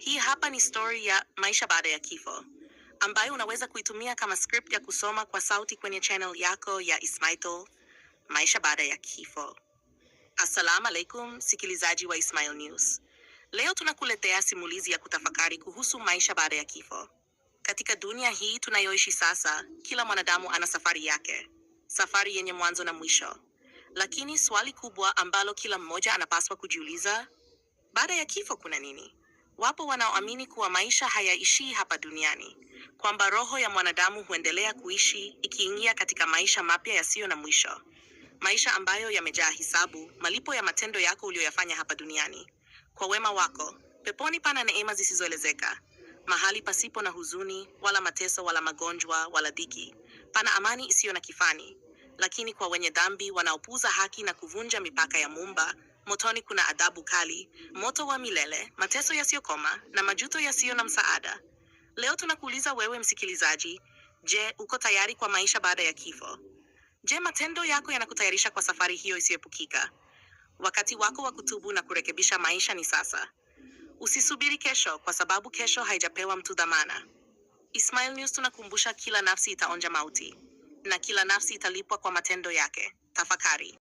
Hii hapa ni stori ya maisha baada ya kifo ambayo unaweza kuitumia kama script ya kusoma kwa sauti kwenye channel yako ya Ismail maisha baada ya kifo. Assalamu alaikum, sikilizaji wa Ismail News. Leo tunakuletea simulizi ya kutafakari kuhusu maisha baada ya kifo. Katika dunia hii tunayoishi sasa, kila mwanadamu ana safari yake, safari yenye mwanzo na mwisho. Lakini swali kubwa ambalo kila mmoja anapaswa kujiuliza, baada ya kifo kuna nini? Wapo wanaoamini kuwa maisha hayaishii hapa duniani, kwamba roho ya mwanadamu huendelea kuishi ikiingia katika maisha mapya yasiyo na mwisho, maisha ambayo yamejaa hisabu, malipo ya matendo yako uliyoyafanya hapa duniani, kwa wema wako. Peponi pana neema zisizoelezeka, mahali pasipo na huzuni wala mateso wala magonjwa wala dhiki. Pana amani isiyo na kifani. Lakini kwa wenye dhambi wanaopuuza haki na kuvunja mipaka ya Muumba motoni kuna adhabu kali, moto wa milele, mateso yasiyokoma na majuto yasiyo na msaada. Leo tunakuuliza wewe msikilizaji, je, uko tayari kwa maisha baada ya kifo? Je, matendo yako yanakutayarisha kwa safari hiyo isiyoepukika? Wakati wako wa kutubu na kurekebisha maisha ni sasa. Usisubiri kesho, kwa sababu kesho haijapewa mtu dhamana. Ismail News tunakumbusha, kila nafsi itaonja mauti na kila nafsi italipwa kwa matendo yake. Tafakari.